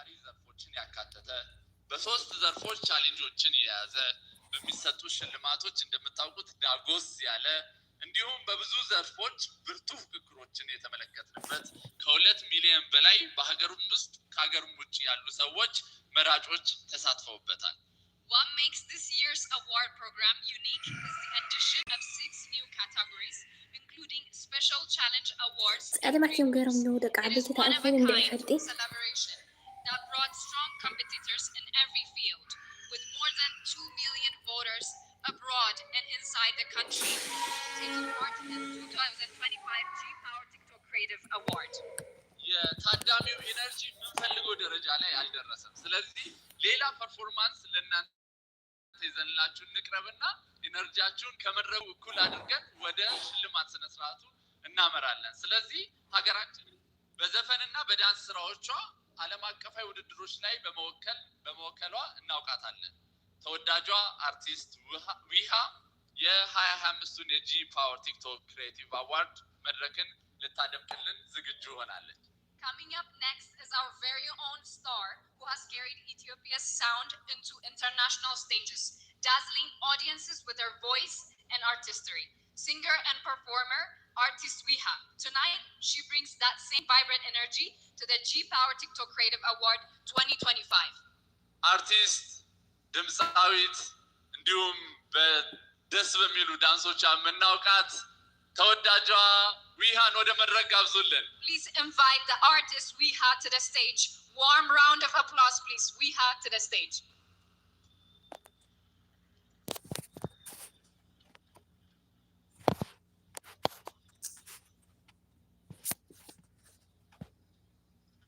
ተጨማሪ ዘርፎችን ያካተተ በሶስት ዘርፎች ቻሌንጆችን የያዘ በሚሰጡ ሽልማቶች እንደምታውቁት ዳጎስ ያለ እንዲሁም በብዙ ዘርፎች ብርቱ ፉክክሮችን የተመለከትንበት ከሁለት ሚሊዮን በላይ በሀገሩም ውስጥ ከሀገሩም ውጭ ያሉ ሰዎች መራጮች ተሳትፈውበታል። What makes this year's award program unique is the addition of six new categories, including special challenge awards. members abroad and inside the country, taking part in the 2025 G Power TikTok Creative Award. የታዳሚው ኢነርጂ የምንፈልገው ደረጃ ላይ አልደረሰም። ስለዚህ ሌላ ፐርፎርማንስ ለእናንተ ይዘንላችሁን እንቅረብና ኢነርጂያችሁን ከመድረኩ እኩል አድርገን ወደ ሽልማት ስነስርዓቱ እናመራለን። ስለዚህ ሀገራችን በዘፈንና በዳንስ ስራዎቿ ዓለም አቀፋዊ ውድድሮች ላይ በመወከል በመወከሏ እናውቃታለን። ተወዳጇ አርቲስት ዊሃ የ የጂ ፓወር ቲክቶክ ክሬቲቭ አዋርድ መድረክን ልታደምቅልን ዝግጁ ሆናለች። Coming up next is our very own star who has carried Ethiopia's sound into international stages, dazzling audiences with her voice and artistry. Singer and performer, artist Wiha. Tonight, she brings that same vibrant energy to the G Power TikTok Creative Award 2025. Artist ድምፃዊት እንዲሁም ደስ በሚሉ ዳንሶች የምናውቃት ተወዳጇ ዊሃን ወደ መድረክ ጋብዙልን። ኢንቫይት ዘ አርቲስት ዊሃ ቱ ዘ ስቴጅ ዋርም ራውንድ ኦፍ አፕላውስ ፕሊዝ ዊሃ ቱ ዘ ስቴጅ